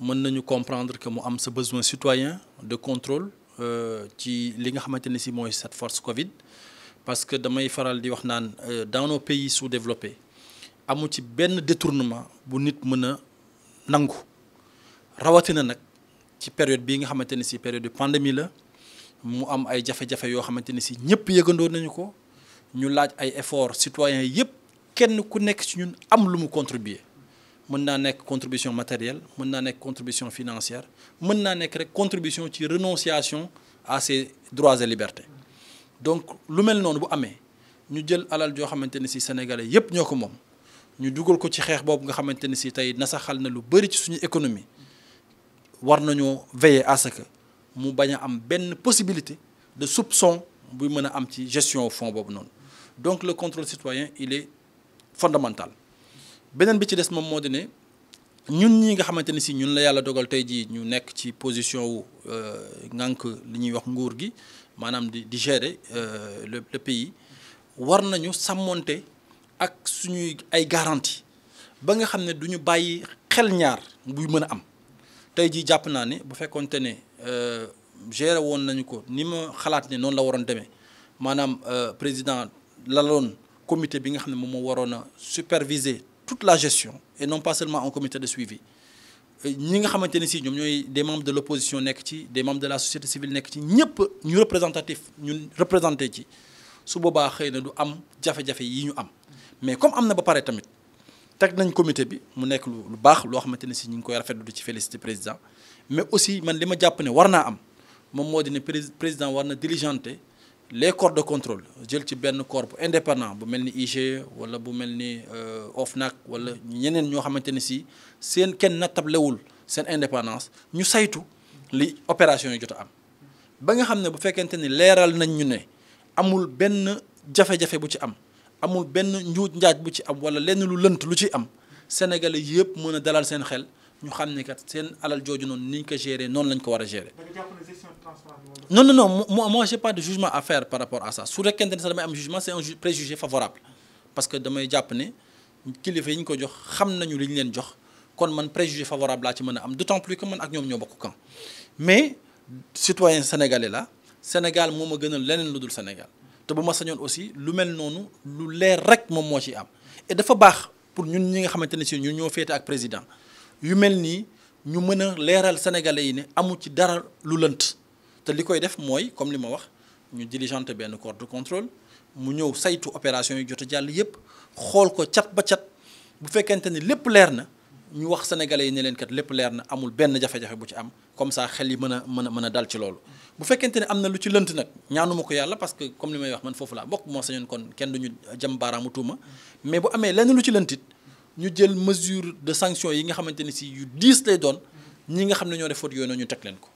mën nañu comprendre que mu am sa besoin citoyen de contrôle euh, ci li nga xamante ne si mooy cette force Covid parce que damay faral di wax naan euh, dans nos pays sous-développés amu ci benn détournement bu nit mën a nangu rawatina nag ci période bii nga xamante ni si période de pandémie la mu am ay jafe-jafe yoo xamante ni si ñëpp yëgandoo nañu ko ñu laaj ay efforts citoyens yëpp kenn ku nekk ci ñun am lu mu contribuer mën naa nekk contribution matérielle mën naa nekk contribution financière mën naa nekk rek contribution ci renonciation à ses droits et libertés donc lu mel noonu bu amee ñu jël alal joo xamante ne si sénégalais yépp ñoo ko moom ñu dugal ko ci xeex boobu nga xamante ne si tey nasaxal na lu bëri ci suñu économie war nañoo veiller à ce que mu bañ a am benn possibilité de soupçon buy mën a am ci gestion fonds boobu noonu donc le contrôle citoyen il est fondamental beneen bi ci des moom moo di ne ñun ñi nga xamante ni si ñun la yàlla dogal tey jii ñu nekk ci position wu ngànk euh, li ñuy wax nguur gi maanaam di di gérer euh, le le pays war nañu sàmmoonte ak suñuy ay garantie ba nga xam ne du ñu bàyyi xel ñaar buy mën a am tey jii jàpp naa ne bu fekkoonte ne euh, gérer woon nañu ko ni ma xalaat ne noonu la waroon demee maanaam président laloon commité bi nga xam ne moom moo waroon a superviser. toute la gestion et non pas seulement un comité de suivi ñi nga xamante ne sii ñoom ñooy des membres de l'opposition nekk ci des membres de la société civile nekk ci ñëpp ñu représentatif ñu représenté ci su boobaa xëy na du am jafe-jafe yi ñu am mais comme am na ba pare tamit teg nañ comité bi mu nekk lu baax loo xamante ne sii ñu ngi koy rafetlu du ci félicité président mais aussi man li ma jàpp ne war naa am moom moo di ne président war na diligenté les corps de contrôle jël ci benn corps indépendant bu mel ni IGE wala bu mel ni euh, OFNAC wala ñeneen ñoo xamante ne si seen kenn nattablewul seen indépendance ñu saytu li opération yi jot am ba nga xam ne bu fekkente ni leeral nañ ñu ne amul benn jafe-jafe bu ci am amul benn njuuj njaaj bu ci am wala lenn lu lënt lu ci am sénégalais yëpp mën a dalal seen xel ñu xam ne kat seen alal jooju noonu ni ñu ko gérer noonu lañ ko war a gérer. da nga jàpp ne gestion transparente non non non moi moi su rekkente ne sax damay am jugement c'est parce que damay jàpp ne kilifa yi ñu ko jox xam nañu li ñu leen jox kon man préjugé favorable laa ci mën a am d'autant plus que man ak ñoom ñoo bokk camp mais citoyen sénégalais la Sénégal moo ma gënal leneen lu dul Sénégal te bu ma sañoon aussi lu mel noonu lu leer rek moom moo ci am dafa baax pour ñun ñi nga xamante ne si ñun ñoo féete ak président. yu mel nii ñu mën a leeral sénégalais yi ne amu ci dara lu lënt te li koy def mooy comme li ma wax ñu diligenté benn corps de contrôle mu ñëw saytu opération yu jot jàll yëpp xool ko cat ba cat bu fekkente ni lépp leer na ñu wax sénégalais yi ne leen kat lépp leer na amul benn jafe-jafe bu ci am comme ça xel yi mën a mën a mën a dal ci loolu. bu fekkente ne am na lu ci lënt nag ñaanuma ko yàlla parce que comme li may wax man foofu laa bokk moo sañoon kon kenn duñu jëm baaraamu tuuma mais bu amee lenn lu ci lëntit ñu jël mesure de sanction yi nga xamante ni si yu diis lay doon ñi nga xam ne ñoo def faute yooyu noonu ñu teg leen ko.